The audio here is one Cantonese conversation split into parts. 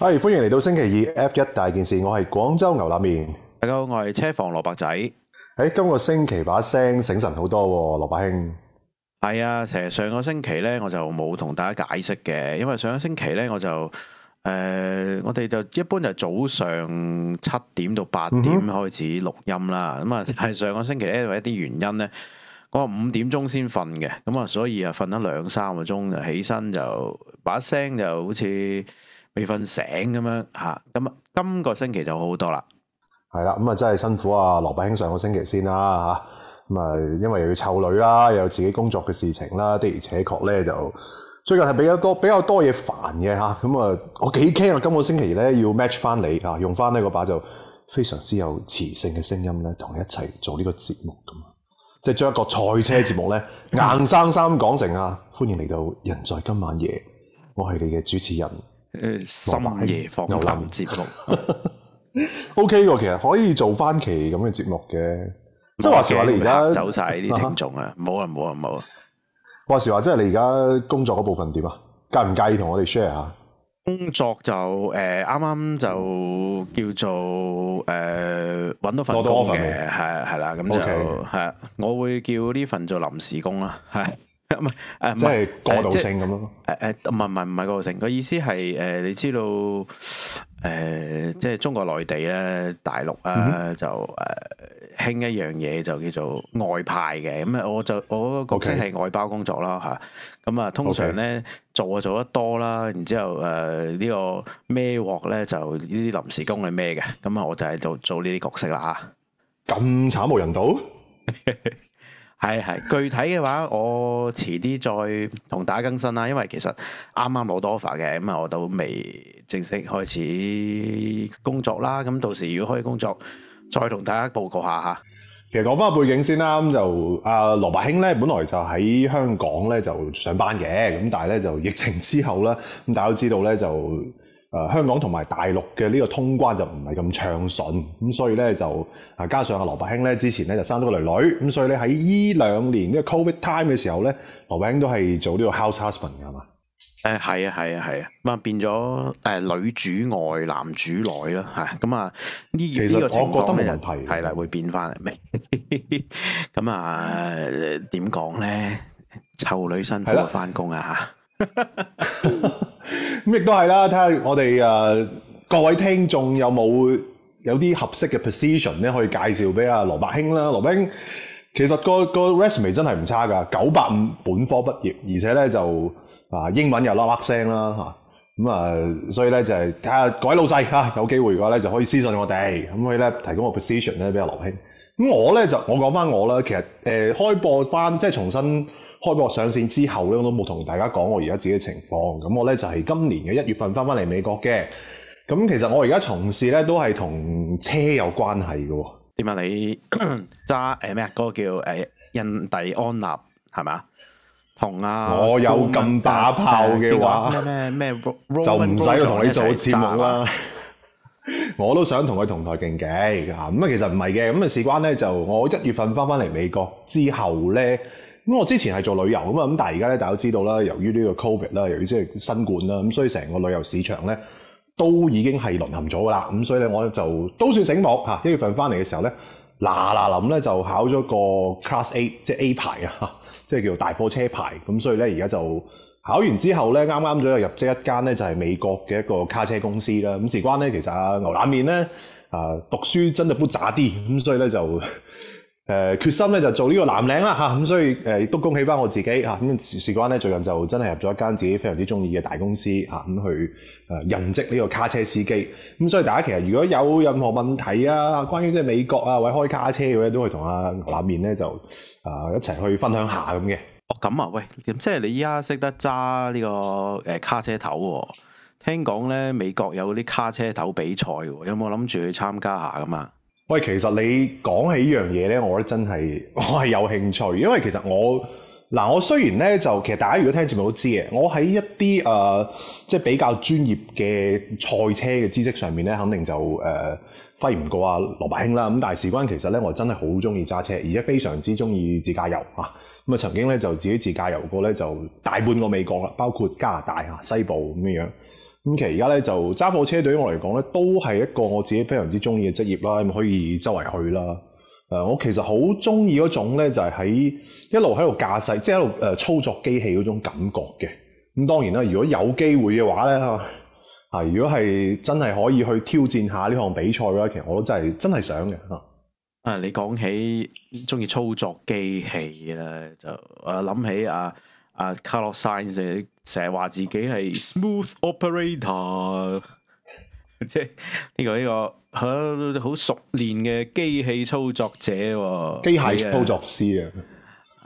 哎，Hi, 歡迎嚟到星期二 F 一大件事，我係廣州牛腩麵。大家好，我係車房蘿蔔仔。喺、哎、今個星期把聲醒神好多，蘿蔔兄。係啊，成日上個星期呢，我就冇同大家解釋嘅，因為上個星期呢，我就誒、呃，我哋就一般就早上七點到八點開始錄音啦。咁啊、嗯哼，係上個星期呢，為一啲原因呢，我五點鐘先瞓嘅，咁啊，所以啊，瞓咗兩三個鐘起就起身，就把聲就好似。未瞓醒咁樣吓，咁啊今個星期就好好多啦，係啦，咁啊真係辛苦啊羅伯兄上個星期先啦吓，咁啊因為又要湊女啦，又有自己工作嘅事情啦，的而且確咧就最近係比較多比較多嘢煩嘅吓，咁啊我幾驚啊今個星期咧要 match 翻你啊，用翻呢個把就非常之有磁性嘅聲音咧，同你一齊做呢個節目咁，即係將一個賽車節目咧硬生生講成啊， 歡迎嚟到人在今晚夜，我係你嘅主持人。深夜訪談節目 ，OK 嘅，其實可以做番期咁嘅節目嘅， 即係話時話你而家 走晒啲聽眾 啊，冇啊冇啊冇啊！好啊說話時話，即係你而家工作嗰部分點啊？介唔介意同我哋 share 下？工作就誒，啱、呃、啱就叫做誒，搵、呃、到份多嘅，係係啦，咁就係啊 Okay.，我會叫呢份做臨時工啦，係。唔係，誒、啊，即係過渡性咁咯。誒誒、啊，唔係唔係唔係過渡性。個 意思係，誒、uh,，你知道，誒、uh,，即係中國內地咧，大陸啊，嗯、就誒，興一樣嘢就叫做外派嘅。咁啊、嗯，我就我個角色係外包工作啦，吓。咁啊，通常咧做啊做得多啦，然之後誒、uh, 呢個孭鑊咧就呢啲臨時工係咩嘅。咁啊，我就喺度做呢啲角色啦，吓。咁慘無人道。係係，具體嘅話我遲啲再同大家更新啦。因為其實啱啱冇多發嘅，咁啊我都未正式開始工作啦。咁到時如果可以工作，再同大家報告下吓。其實講翻個背景先啦，咁就阿羅拔興咧，呃、呢本來就喺香港咧就上班嘅，咁但係咧就疫情之後啦。咁大家都知道咧就。誒香港同埋大陸嘅呢個通關就唔係咁暢順，咁所以咧就啊加上阿羅伯興咧之前咧就生咗個女女，咁所以咧喺依兩年呢個 Covid time 嘅時候咧，羅伯興都係做呢個 house husband 嘅係嘛？誒係啊係啊係啊，咁啊，啊變咗誒女主外男主內咯嚇，咁啊呢其實我覺得冇問題係啦會變翻，咁啊點講咧？臭女辛苦翻工啊嚇！哈哈 咁亦都係啦，睇下我哋誒、呃、各位聽眾有冇有啲合適嘅 position 咧，可以介紹俾阿羅伯興啦。羅伯興，其實個個 resume 真係唔差噶，九八五本科畢業，而且咧就啊英文又啦啦聲啦吓。咁啊，所以咧就係睇下各位老細吓，啊，有機會嘅話咧就可以私信我哋，咁可以咧提供個 position 咧俾阿羅興。咁我咧就我講翻我啦，其實誒、呃、開播翻即係重新。開播上線之後咧，我都冇同大家講我而家自己嘅情況。咁我咧就係今年嘅一月份翻翻嚟美國嘅。咁其實我而家從事咧都係同車有關係嘅。點啊？你揸誒咩啊？嗰個叫誒印第安納係咪？同啊，我有咁大炮嘅話，咩咩就唔使同你做節目啦。我都想同佢同台競技。嚇。咁啊，其實唔係嘅。咁啊，事關咧就我一月份翻翻嚟美國之後咧。咁我之前係做旅遊咁啊，咁但係而家咧，大家都知道啦，由於呢個 Covid 啦，由於即係新冠啦，咁所以成個旅遊市場咧都已經係淪陷咗噶啦。咁所以咧，我咧就都算醒目嚇，一月份翻嚟嘅時候咧，嗱嗱臨咧就考咗個 Class A，即係 A 牌啊，即係叫大貨車牌。咁所以咧，而家就考完之後咧，啱啱咗入職一間咧就係美國嘅一個卡車公司啦。咁事關咧，其實牛腩麵咧啊，讀書真係不咋啲，咁所以咧就。誒、呃、決心咧就做呢個藍領啦嚇，咁、啊、所以誒亦都恭喜翻我自己嚇。咁事事關咧最近就真係入咗一間自己非常之中意嘅大公司嚇，咁、啊、去誒、呃、任職呢個卡車司機。咁、啊、所以大家其實如果有任何問題啊，關於即係美國啊或者開卡車嘅，啲，都可以同阿牛腩麵咧就啊一齊去分享下咁嘅、哦。哦咁啊，喂，即係你依家識得揸呢個誒卡車頭喎、哦？聽講咧美國有啲卡車頭比賽喎、哦，有冇諗住去參加下咁啊？喂，其實你講起呢樣嘢呢，我覺得真係我係有興趣，因為其實我嗱，我雖然呢，就其實大家如果聽節目都知嘅，我喺一啲誒、呃、即係比較專業嘅賽車嘅知識上面呢，肯定就誒揮唔過阿羅伯興啦。咁但係事關其實呢，我真係好中意揸車，而且非常之中意自駕遊啊。咁啊曾經呢，就自己自駕遊過呢，就大半個美國啦，包括加拿大啊、西部咁樣。咁其實而家咧就揸貨車對於我嚟講咧，都係一個我自己非常之中意嘅職業啦，咁可以周圍去啦。誒，我其實好中意嗰種咧，就係喺一路喺度駕駛，即係喺度誒操作機器嗰種感覺嘅。咁當然啦，如果有機會嘅話咧，吓啊，如果係真係可以去挑戰下呢項比賽啦，其實我都真係真係想嘅。啊，你講起中意操作機器咧，就誒諗起啊。啊，卡洛山成日話自己係 smooth operator，即係呢個呢個好熟練嘅機器操作者，機械操作師啊，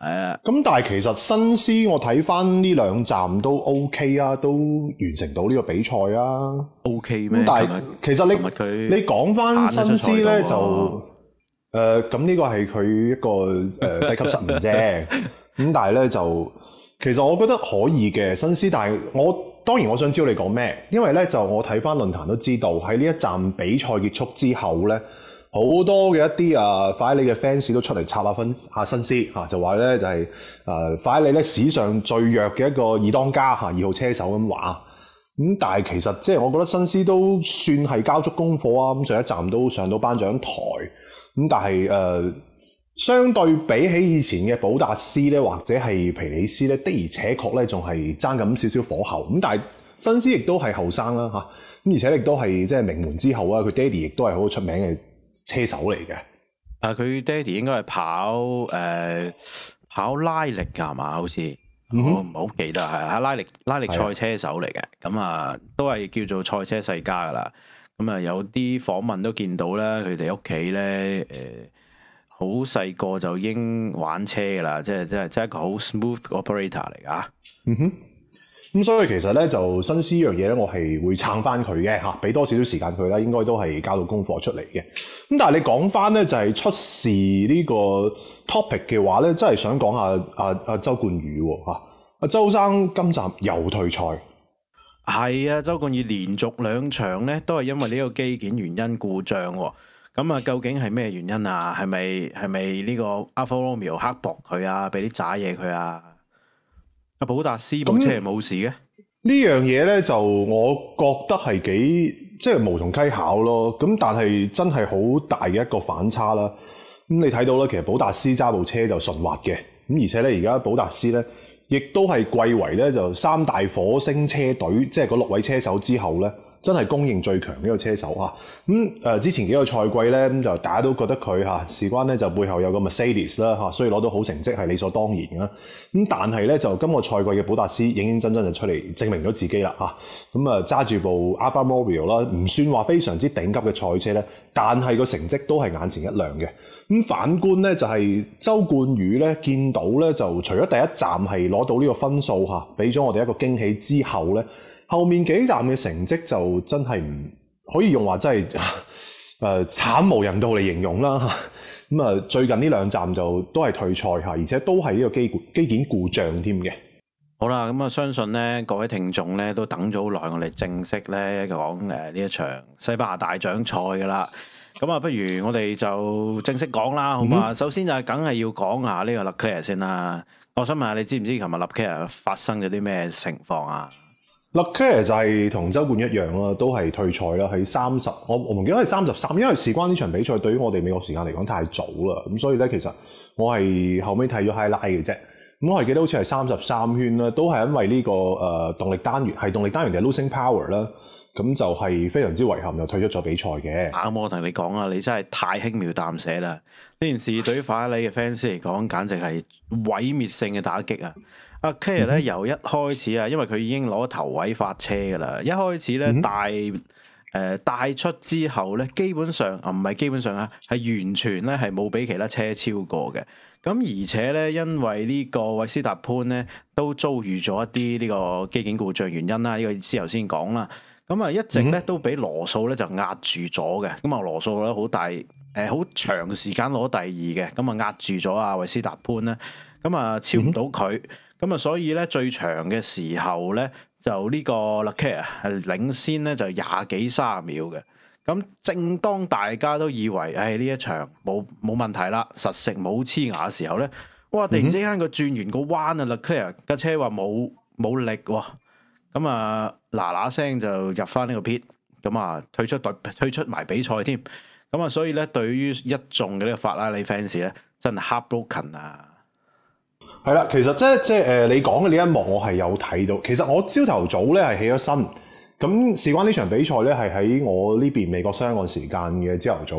係啊。咁但係其實新思我睇翻呢兩站都 OK 啊，都完成到呢個比賽啊，OK 咩嗎？但係其實你日你講翻新思咧就誒，咁、呃、呢個係佢一個誒、呃、低級失誤啫，咁 但係咧就。其實我覺得可以嘅，新思，但係我當然我想知道你講咩，因為咧就我睇翻論壇都知道喺呢一站比賽結束之後咧，好多嘅一啲啊法拉利嘅 fans 都出嚟插下分下新思嚇、啊，就話咧就係、是、啊法拉利咧史上最弱嘅一個二當家嚇、啊，二號車手咁話，咁、嗯、但係其實即係、嗯、我覺得新思都算係交足功課啊，咁上一站都上到頒獎台，咁、嗯、但係誒。啊相對比起以前嘅寶達斯咧，或者係皮里斯咧，的而且確咧，仲係爭咁少少火候。咁但係新師亦都係後生啦，吓，咁而且亦都係即係名門之後爸爸啊。佢爹哋亦都係好出名嘅車手嚟嘅。啊、呃，佢爹哋應該係跑誒，跑拉力噶係嘛？好似、嗯、哼我唔好記得係啊，拉力拉力賽車手嚟嘅。咁啊的，都係叫做賽車世家噶啦。咁啊，有啲訪問都見到咧，佢哋屋企咧誒。好細個就已經玩車噶啦，即係即係即係一個好 smooth operator 嚟噶。嗯哼，咁所以其實咧就新思呢樣嘢咧，我係會撐翻佢嘅吓，俾、啊、多少少時間佢啦，應該都係交到功課出嚟嘅。咁但係你講翻咧就係、是、出事個呢個 topic 嘅話咧，真係想講下阿、啊、阿、啊啊、周冠宇吓、啊，阿、啊、周生今集又退賽，係啊，周冠宇連續兩場咧都係因為呢個機件原因故障、啊。咁啊，究竟係咩原因啊？係咪係咪呢個阿法羅密歐黑薄佢啊？俾啲渣嘢佢啊？阿保達斯部車冇事嘅？呢樣嘢咧就我覺得係幾即係無從稽考咯。咁但係真係好大嘅一個反差啦。咁、嗯、你睇到啦，其實保達斯揸部車就順滑嘅。咁而且咧而家保達斯咧亦都係貴為咧就三大火星車隊，即係嗰六位車手之後咧。真係公認最強呢個車手啊。咁、嗯、誒、呃、之前幾個賽季呢，咁就大家都覺得佢嚇、啊、事關呢，就背後有個 Mercedes 啦、啊、嚇，所以攞到好成績係理所當然嘅。咁、啊、但係呢，就今個賽季嘅保達斯認認真真就出嚟證明咗自己啦嚇，咁啊揸住、啊、部 Alfa Romeo 啦，唔算話非常之頂級嘅賽車呢，但係個成績都係眼前一亮嘅。咁、啊、反觀呢，就係、是、周冠宇呢，見到呢，就除咗第一站係攞到呢個分數嚇，俾、啊、咗我哋一個驚喜之後呢。後面幾站嘅成績就真係唔可以用話真係誒慘無人道嚟形容啦。咁啊，最近呢兩站就都係退賽吓，而且都係呢個機件故障添嘅。好啦，咁啊，相信咧各位聽眾咧都等咗好耐，我哋正式咧講誒呢一場西班牙大獎賽噶啦。咁啊，不如我哋就正式講啦，好嘛？嗯、哼 首先就係梗係要講下呢個 Leclerc 先啦。我想問下你知唔知琴日 Leclerc 發生咗啲咩情況啊？嗱 Leclerc 就係同周冠一樣都係退賽啦，係三十，我我唔記得係三十三，因為事關呢場比賽對於我哋美國時間嚟講太早啦，咁所以咧其實我係後尾睇咗 Highlight 嘅啫，我係記得好似係三十三圈啦，都係因為呢個誒動力單元係動力單元就係 losing power 啦。咁就係非常之遺憾，又退出咗比賽嘅、嗯。咁我同你講啊，你真係太輕描淡寫啦！呢件事對於法拉利嘅 fans 嚟講，簡直係毀滅性嘅打擊啊！阿 Kia 咧由一開始啊，因為佢已經攞頭位發車噶啦，一開始咧 帶誒、呃、帶出之後咧，基本上唔係、啊、基本上啊，係完全咧係冇俾其他車超過嘅。咁而且咧，因為呢個維斯塔潘咧都遭遇咗一啲呢個機件故障，故障原因啦，呢、個意思，頭先講啦。咁啊，一直咧都俾羅素咧就壓住咗嘅。咁啊、嗯，羅素咧好大，誒好長時間攞第二嘅。咁啊，壓住咗阿維斯塔潘咧。咁啊，超唔到佢。咁啊，所以咧最長嘅時候咧，就呢個勒克爾係領先咧，就廿幾卅秒嘅。咁正當大家都以為，唉呢一場冇冇問題啦，實食冇黐牙嘅時候咧，哇！突然之間佢轉完個彎啊，勒克爾架車話冇冇力喎。咁啊，嗱嗱聲就入翻呢個 pit，咁啊退出代，退出埋比賽添，咁啊所以咧，對於一眾嘅呢個法拉利 fans 咧，真係 heartbroken 啊！係啦，其實即係即係誒、呃，你講嘅呢一幕我係有睇到。其實我朝頭早咧係起咗身，咁事關呢場比賽咧係喺我呢邊美國西岸時間嘅朝頭早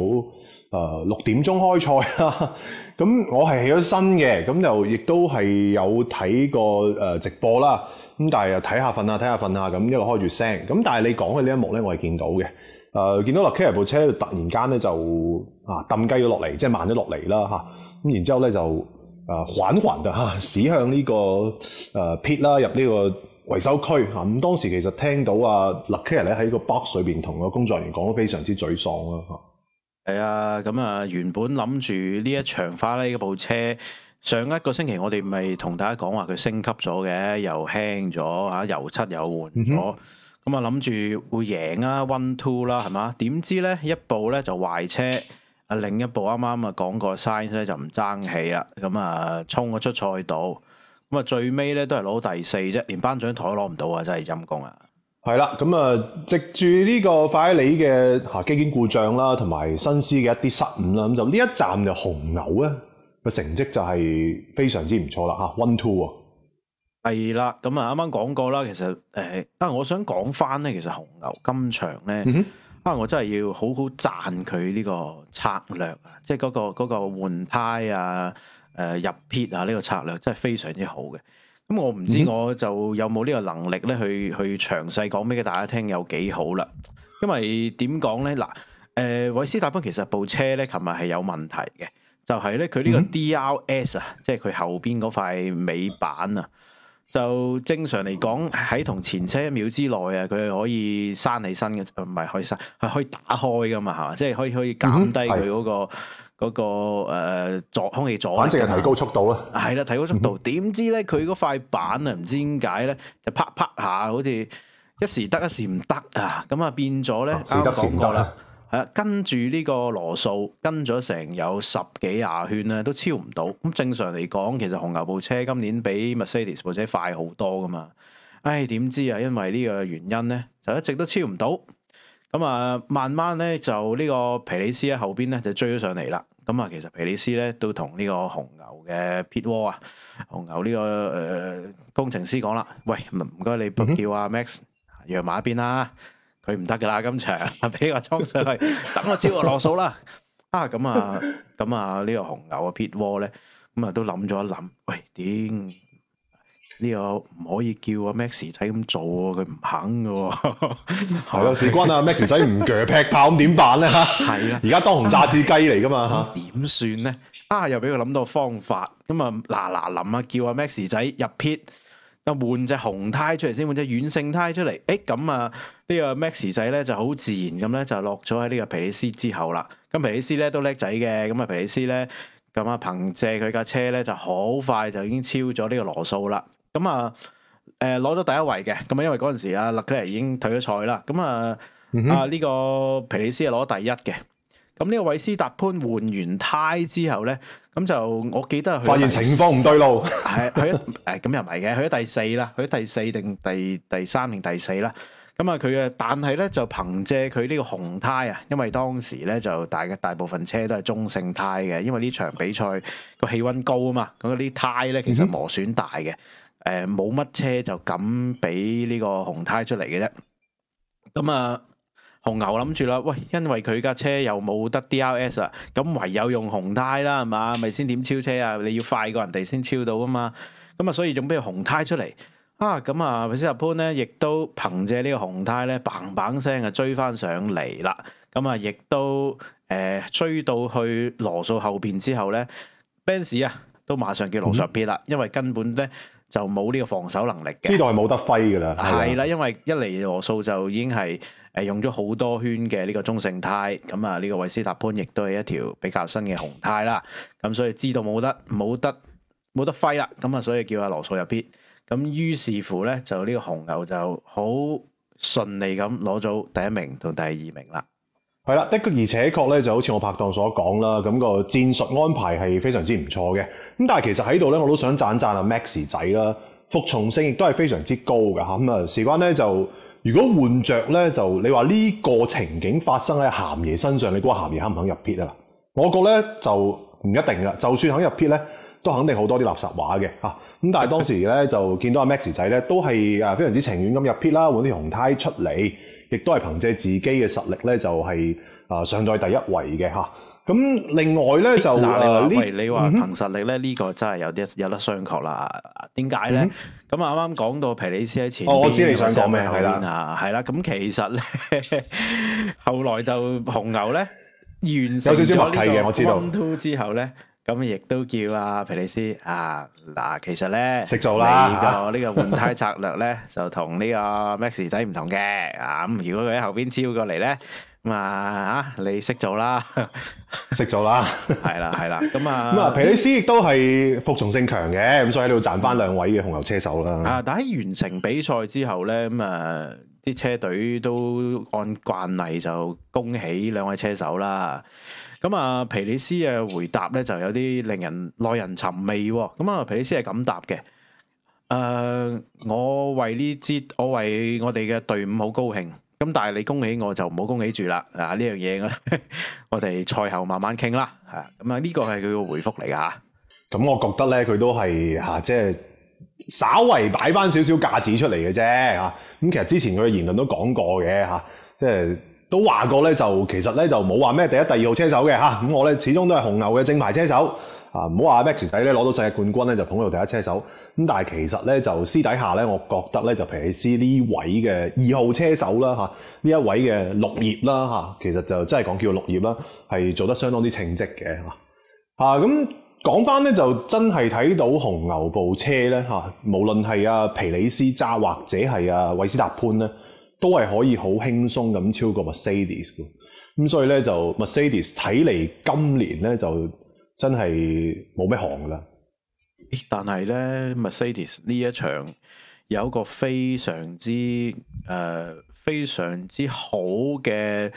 誒六點鐘開賽啦。咁 我係起咗身嘅，咁又亦都係有睇過誒直播啦。咁但係又睇下瞓啊，睇下瞓啊，咁一路開住聲。咁但係你講嘅呢一幕咧，我係見到嘅。誒、呃，見到 Leclerc 部車突然間咧就啊，掟雞咗落嚟，即係慢咗落嚟啦吓。咁、啊、然之後咧就誒，緩緩就吓駛向呢、這個誒 pit 啦，入呢個維修區吓。咁、啊、當時其實聽到、啊、Leclerc 咧喺個 box 裏邊同個工作人員講得，非常之沮喪啦吓。係啊，咁啊、嗯，原本諗住呢一場翻咧呢部車。上一個星期我哋咪同大家講話佢升級咗嘅，又輕咗嚇，油漆又換咗，咁啊諗住會贏啊，one two 啦，係嘛？點知咧一部咧就壞車，啊另一部啱啱啊講過 Sainz 咧就唔爭氣啊，咁啊衝咗出賽道，咁啊最尾咧都係攞第四啫，連頒獎台攞唔到啊，真係陰功啊！係啦，咁啊，藉住呢個快你嘅嚇機件故障啦，同埋新思嘅一啲失誤啦，咁就呢一站就紅牛啊！個成績就係非常之唔錯啦，吓、啊、one two 啊，係啦，咁啊，啱啱講過啦，其實誒，啊、呃，我想講翻咧，其實紅牛今場咧，嗯、哼啊，我真係要好好讚佢呢個策略啊，即係嗰、那個嗰、那個那個換胎啊，誒、呃，入撇啊，呢、這個策略真係非常之好嘅。咁我唔知我就有冇呢個能力咧，去去詳細講俾大家聽有幾好啦。因為點講咧，嗱、呃，誒，韋斯達芬其實部車咧，琴日係有問題嘅。就係咧、嗯哼，佢呢個 D R S 啊，即係佢後邊嗰塊尾板啊，就正常嚟講喺同前車一秒之內啊，佢係可以閂起身嘅，唔係可以閂，係可以打開噶嘛，係即係可以可以減低佢嗰、那個嗰、嗯哼那個誒、那個呃、阻空氣阻，反正係提高速度啦。係啦，提高速度。點、嗯、哼知咧，佢嗰塊板啊，唔知點解咧，就啪啪，啪下，好似一時得一時唔得啊！咁啊，變咗咧，時得時唔得啦。剛才剛才跟住呢個羅素跟咗成有十幾廿圈咧，都超唔到。咁正常嚟講，其實紅牛部車今年比 Mercedes 部車快好多噶嘛。唉、哎，點知啊？因為呢個原因咧，就一直都超唔到。咁啊，慢慢咧就呢個皮里斯喺後邊咧就追咗上嚟啦。咁啊，其實皮里斯咧都同呢個紅牛嘅 pit wall 啊，紅牛呢、這個誒、呃、工程師講啦，喂，唔該你叫阿、啊、Max 讓埋一邊啦。佢唔得噶啦，今場俾我裝上去，等我招我落數啦。啊，咁啊，咁啊，呢、啊啊這個紅牛啊 pit wall 咧，咁啊都諗咗一諗，喂，點呢個唔可以叫阿 Max 仔咁做、啊，佢唔肯噶、啊。事關啦，Max 仔唔鋸劈炮，咁點辦咧？吓、啊，係啦，而家當紅炸子雞嚟噶嘛吓，點算咧？啊，又俾佢諗到方法，咁啊嗱嗱諗啊，叫阿 Max 仔入 pit。啊！換隻紅胎出嚟先，換隻軟性胎出嚟，誒咁啊！呢個 Max 仔咧就好自然咁咧就落咗喺呢個皮里斯之後啦。咁皮里斯咧都叻仔嘅，咁啊皮里斯咧咁啊憑借佢架車咧就好快就已經超咗呢個羅素啦。咁啊誒攞咗第一位嘅。咁啊因為嗰陣時啊勒克萊已經退咗賽啦。咁啊、嗯、哼啊呢、呢個皮里斯係攞第一嘅。咁呢個韋斯達潘換完胎之後咧，咁就我記得佢發現情況唔對路，係佢誒，咁又唔係嘅，佢喺第四啦，佢喺第四定第第三定第四啦。咁啊佢嘅，但係咧就憑借佢呢個紅胎啊，因為當時咧就大嘅大部分車都係中性胎嘅，因為呢場比賽個氣溫高啊嘛，咁嗰啲胎咧其實磨損大嘅，誒冇乜車就敢俾呢個紅胎出嚟嘅啫。咁啊、嗯。紅牛諗住啦，喂，因為佢架車又冇得 DRS 啦，咁唯有用紅胎啦，係嘛？咪先點超車啊？你要快過人哋先超到噶嘛？咁、嗯、啊，所以用俾紅胎出嚟啊！咁、嗯、啊，維斯塔潘咧，亦都憑藉呢個紅胎咧，砰砰聲啊追翻上嚟啦！咁、嗯、啊，亦都誒、呃、追到去羅素後邊之後咧，Benz 啊都馬上叫羅素 pit 啦，因為根本咧就冇呢個防守能力，嘅，知道係冇得揮噶啦，係啦、嗯，因為一嚟羅素就已經係。誒，用咗好多圈嘅呢個中性胎，咁啊呢個維斯塔潘亦都係一條比較新嘅紅胎啦，咁所以知道冇得冇得冇得揮啦，咁啊所以叫阿羅素入邊，咁於是乎咧就呢個紅牛就好順利咁攞咗第一名到第二名啦，係啦，的而且確咧就好似我拍檔所講啦，咁個戰術安排係非常之唔錯嘅，咁但係其實喺度咧我都想讚讚阿 Max 仔啦，服從性亦都係非常之高嘅吓，咁啊事關咧就。如果換着咧，就你話呢個情景發生喺鹹爺身上，你估鹹爺肯唔肯入 pit 啊？我覺咧就唔一定啦。就算肯入 pit 咧，都肯定好多啲垃圾話嘅嚇。咁但係當時咧就見到阿 Max 仔咧都係誒非常之情願咁入 pit 啦，換啲紅胎出嚟，亦都係憑藉自己嘅實力咧就係誒上到去第一位嘅嚇。咁另外咧就，呢你話憑實力咧呢個真係有啲有得商榷啦。點解咧？咁啊啱啱講到皮里斯喺前邊，哦，我知你想講咩係啦，係啦。咁其實咧，後來就紅牛咧，有少少問題嘅，我知道。之後咧，咁亦都叫阿皮里斯啊。嗱，其實咧，識做啦，呢個呢個換胎策略咧，就同呢個 Max 仔唔同嘅啊。咁如果佢喺後邊超過嚟咧。啊，吓你識做啦，識做啦，係啦， 係啦，咁、嗯、啊，咁啊，皮里斯亦都係服從性強嘅，咁所以喺度賺翻兩位嘅紅牛車手啦。啊，但喺完成比賽之後咧，咁、嗯、啊，啲車隊都按慣例就恭喜兩位車手啦。咁、嗯、啊，皮里斯嘅回答咧就有啲令人耐人尋味。咁啊，皮里斯係咁答嘅。誒、啊，我為呢支我為我哋嘅隊伍好高興。咁但係你恭喜我就唔好恭喜住啦，啊呢樣嘢我哋賽後慢慢傾啦，吓咁啊呢、呢個係佢個回覆嚟噶，咁我覺得呢，佢都係吓、啊、即係稍為擺翻少少架子出嚟嘅啫，吓、啊、咁、嗯、其實之前佢嘅言論都講過嘅吓、啊，即係都話過呢，就其實呢，就冇話咩第一第二號車手嘅吓，咁、啊、我呢，始終都係紅牛嘅正牌車手啊，唔好話 Max 仔呢，攞到世界冠軍呢，就捧到第一車手。咁但係其實咧就私底下咧，我覺得咧就皮里斯呢位嘅二號車手啦嚇，呢一位嘅綠葉啦嚇，其實就真係講叫綠葉啦，係做得相當之稱職嘅嚇。嚇咁講翻咧就真係睇到紅牛部車咧嚇，無論係阿皮里斯揸或者係阿韋斯塔潘咧，都係可以好輕鬆咁超過 Mercedes。咁所以咧就 Mercedes 睇嚟今年咧就真係冇咩行啦。但係咧，Mercedes 呢一場有一個非常之誒、呃，非常之好嘅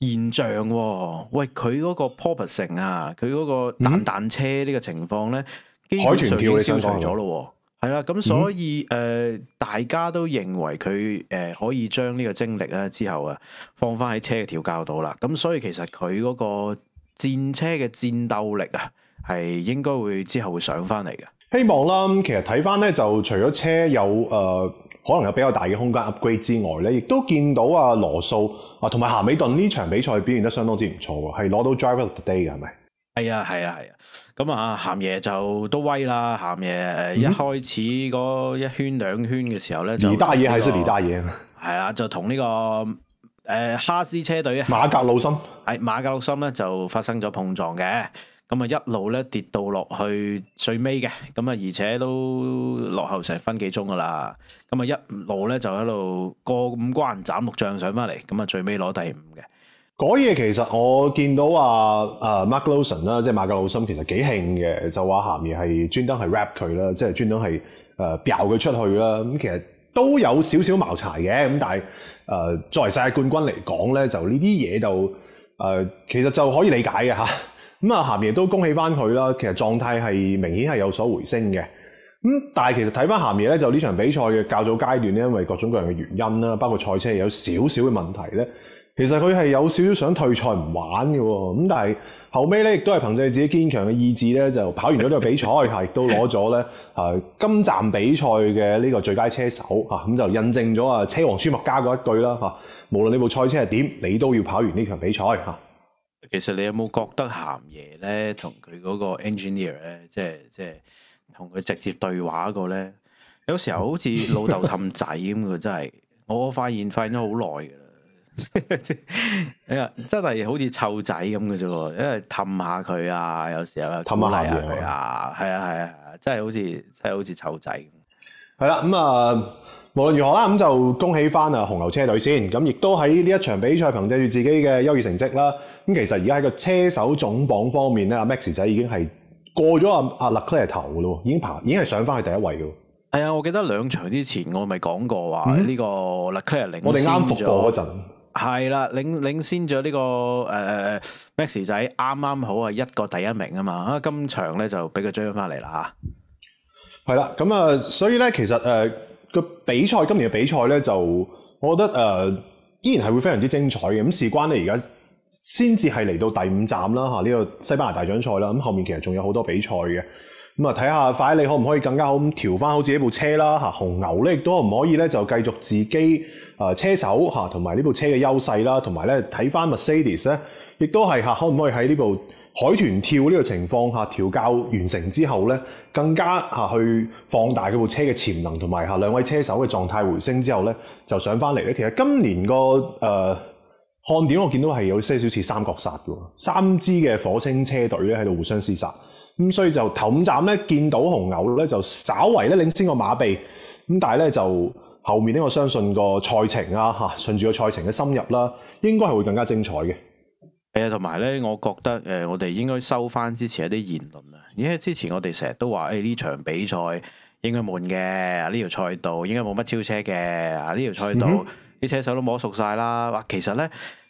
現象，哦。喂，佢嗰個 porpoising 啊，佢嗰個彈彈車呢個情況咧，幾乎已經消除咗咯。係啦，咁所以誒、呃，大家都認為佢誒可以將呢個精力啊之後啊，放翻喺車嘅調教度啦。咁所以其實佢嗰個戰車嘅戰鬥力啊。係應該會之後會上翻嚟嘅，希望啦。其實睇翻咧，就除咗車有誒、呃、可能有比較大嘅空間 upgrade 之外咧，亦都見到阿羅素啊同埋咸美頓呢場比賽表現得相當之唔錯，係攞到 Driver of the Day 嘅係咪？係啊係啊係啊！咁啊，啊咸爺就都威啦，咸爺一開始嗰一圈兩圈嘅時候咧，李、嗯這個、大爺還是李大爺係啦，就同呢、這個誒、呃、哈斯車隊馬格魯森係馬格魯森咧就發生咗碰撞嘅。咁啊，一路咧跌到落去最尾嘅，咁啊，而且都落後成分幾鐘噶啦。咁啊，一路咧就喺度過五關斬六將上翻嚟，咁啊，最尾攞第五嘅。嗰嘢其實我見到啊、啊 Mark Lawson 啦、啊，即係馬格老森，其實幾興嘅，就話咸爺係專登係 rap 佢啦，即係專登係誒飆佢出去啦。咁、啊、其實都有少少茅柴嘅，咁、啊、但係誒、啊、作為世界冠軍嚟講咧，就呢啲嘢就誒、啊、其實就可以理解嘅吓。啊咁啊，咸爺都恭喜翻佢啦。其實狀態係明顯係有所回升嘅。咁但係其實睇翻咸爺咧，就呢場比賽嘅較早階段咧，因為各種各樣嘅原因啦，包括賽車有少少嘅問題咧，其實佢係有少少想退賽唔玩嘅。咁但係後尾咧，亦都係憑藉自己堅強嘅意志咧，就跑完咗呢個比賽，嚇亦都攞咗咧，啊今站比賽嘅呢個最佳車手嚇，咁就印證咗啊車王舒麥加嗰一句啦嚇。無論你部賽車係點，你都要跑完呢場比賽嚇。其實你有冇覺得咸爺咧同佢嗰個 engineer 咧，即係即係同佢直接對話過咧？有時候好似老豆氹仔咁嘅，真係 我發現發現咗 好耐嘅啦。真係好似湊仔咁嘅啫，因為氹下佢啊，有時候氹下佢啊，係啊係啊，啊，啊，啊，啊，啊，啊，真係好似真係好似湊仔咁。係啦，咁、嗯、啊，無論如何啦，咁就恭喜翻啊紅牛車隊先。咁亦都喺呢一場比賽，憑借住自己嘅優異成績啦。咁其實而家喺個車手總榜方面咧，Max 仔已經係過咗阿阿 Leclerc 頭咯，已經爬，已經係上翻去第一位嘅。係啊、哎，我記得兩場之前我咪講過話呢個 Leclerc 領先咗嗰陣，係啦、嗯，領領先咗呢、這個誒誒誒 Max 仔啱啱好啊一個第一名啊嘛，啊今場咧就俾佢追翻嚟啦吓。係啦，咁、嗯、啊，所以咧其實誒個比賽今年嘅比賽咧就，我覺得誒、呃、依然係會非常之精彩嘅。咁事關你而家。先至係嚟到第五站啦，吓，呢個西班牙大獎賽啦。咁後面其實仲有好多比賽嘅。咁啊，睇下快，你可唔可以更加好咁調翻好自己部車啦，吓紅牛咧，亦都可唔可以咧就繼續自己啊車手吓，同埋呢部車嘅優勢啦，同埋咧睇翻 Mercedes 咧，亦都係吓可唔可以喺呢部海豚跳呢個情況下調校完成之後咧，更加吓去放大嗰部車嘅潛能，同埋吓兩位車手嘅狀態回升之後咧，就上翻嚟咧。其實今年個誒。呃看點我見到係有些少似三國殺嘅，三支嘅火星車隊咧喺度互相厮殺，咁所以就頭五站咧見到紅牛咧就稍為咧領先個馬鼻，咁但係咧就後面咧我相信個賽程啊吓，順住個賽程嘅深入啦，應該係會更加精彩嘅。誒，同埋咧，我覺得誒，我哋應該收翻之前一啲言論啊，因為之前我哋成日都話誒呢場比賽應該悶嘅，呢條賽道應該冇乜超車嘅，呢條賽道。嗯啲車手都摸熟晒啦，哇！其實咧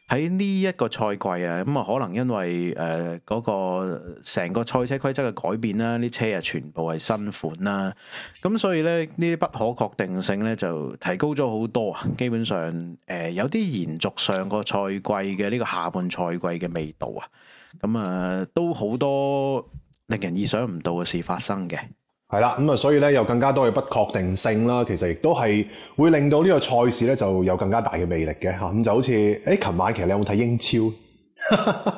喺呢一個賽季啊，咁啊可能因為誒嗰個成個賽車規則嘅改變啦，啲車啊全部係新款啦，咁所以咧呢啲不可確定性咧就提高咗好多啊！基本上誒有啲延續上個賽季嘅呢個下半賽季嘅味道啊，咁啊都好多令人意想唔到嘅事發生嘅。係啦，咁啊，所以咧有更加多嘅不確定性啦，其實亦都係會令到呢個賽事咧就有更加大嘅魅力嘅嚇，咁就好似誒，琴、欸、晚其實你有冇睇英超？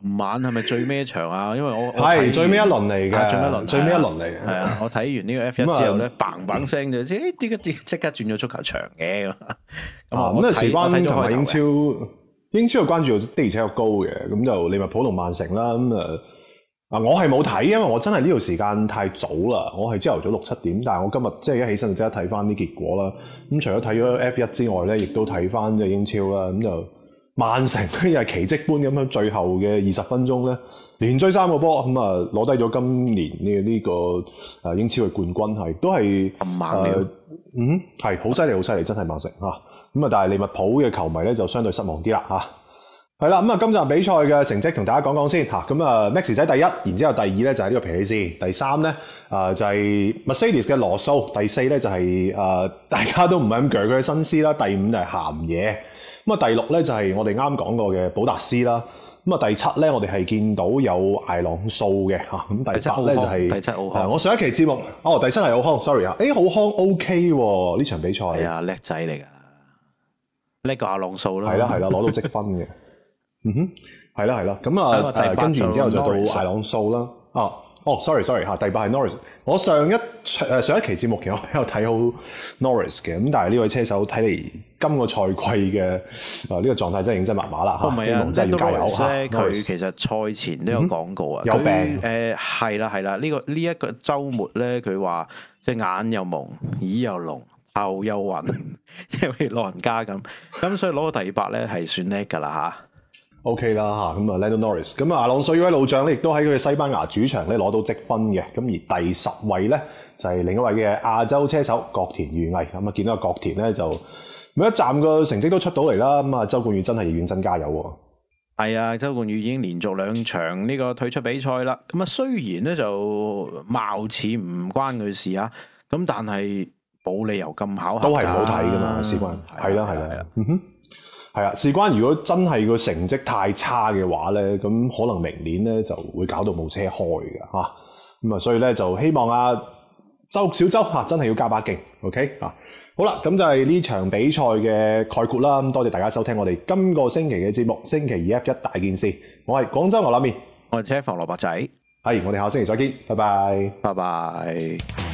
琴 晚係咪最尾場啊？因為我係的最尾一輪嚟嘅，的最尾輪？最尾一輪嚟？係啊的，我睇完呢個 F1 之後咧，的砰砰聲就誒嘅，即刻 轉咗足球場嘅咁 看啊！咁啊，時關同埋英超，英超嘅關注度的而且確高嘅，咁就利物浦同曼城啦，咁啊。啊！我係冇睇，因為我真係呢條時間太早啦。我係朝頭早六七點，但係我今日即係一起身就即刻睇翻啲結果啦。咁除咗睇咗 F 一之外咧，亦都睇翻即係英超啦。咁就曼城又係奇跡般咁樣最後嘅二十分鐘咧，連追三個波，咁啊，攞低咗今年呢呢個誒英超嘅冠軍，係都係咁猛嘅。嗯，係好犀利，好犀利，真係曼城吓。咁啊，但係利物浦嘅球迷咧就相對失望啲啦吓。啊係啦，咁啊，今集比賽嘅成績同大家講講先吓。咁啊，Max 仔第一，然之後第二咧就係呢個皮爾斯，第三咧誒、呃、就係、是、Mercedes 嘅羅素，第四咧就係、是、誒、呃、大家都唔係咁鋸佢嘅新思啦，第五就係咸嘢，咁啊第六咧就係我哋啱講過嘅寶達斯啦，咁啊第七咧我哋係見到有艾朗素嘅吓，咁第八，就是、第七咧就係第七我上一期節目哦，第七係奧康，sorry、欸康 OK，啊，誒奧康 OK 呢場比賽係啊，叻仔嚟噶，叻過阿朗素啦，係啦係啦，攞到積分嘅。嗯哼，係啦係啦，咁啊，跟住然之後就到艾朗素啦。啊，哦，sorry sorry，吓，第八係 Norris。我上一誒上一期節目其實我都有睇好 Norris 嘅，咁但係呢位車手睇嚟今個賽季嘅啊呢個狀態真係認真麻麻啦吓，希望真係加油。佢其實賽前都有講過啊，佢誒係啦係啦，呢個呢一個周末咧，佢話隻眼又朦，耳又聾，頭又暈，即係好似老人家咁，咁所以攞個第八咧係算叻噶啦吓。O.K. 啦嚇，咁啊 Lando Norris，咁啊阿浪水威老將咧，亦都喺佢嘅西班牙主場咧攞到積分嘅。咁而第十位咧就係、是、另一位嘅亞洲車手角田裕毅。咁啊見到阿角田咧就每一站個成績都出到嚟啦。咁啊周冠宇真係遠真加油喎！係啊，周冠宇已經連續兩場呢個退出比賽啦。咁啊雖然咧就貌似唔關佢事啊，咁但係冇理由咁考下都係唔好睇㗎嘛，事關係啦係啦，嗯哼。て Así 係啊，事關如果真係個成績太差嘅話咧，咁可能明年咧就會搞到冇車開噶吓咁啊。所以咧就希望啊周小周吓、啊、真係要加把勁，OK 啊好啦。咁就係呢場比賽嘅概括啦。多謝大家收聽我哋今個星期嘅節目《星期二 F1 大件事》，我廣我。我係廣州牛腩麵，我係車房蘿蔔仔，係我哋下星期再見，拜拜，拜拜。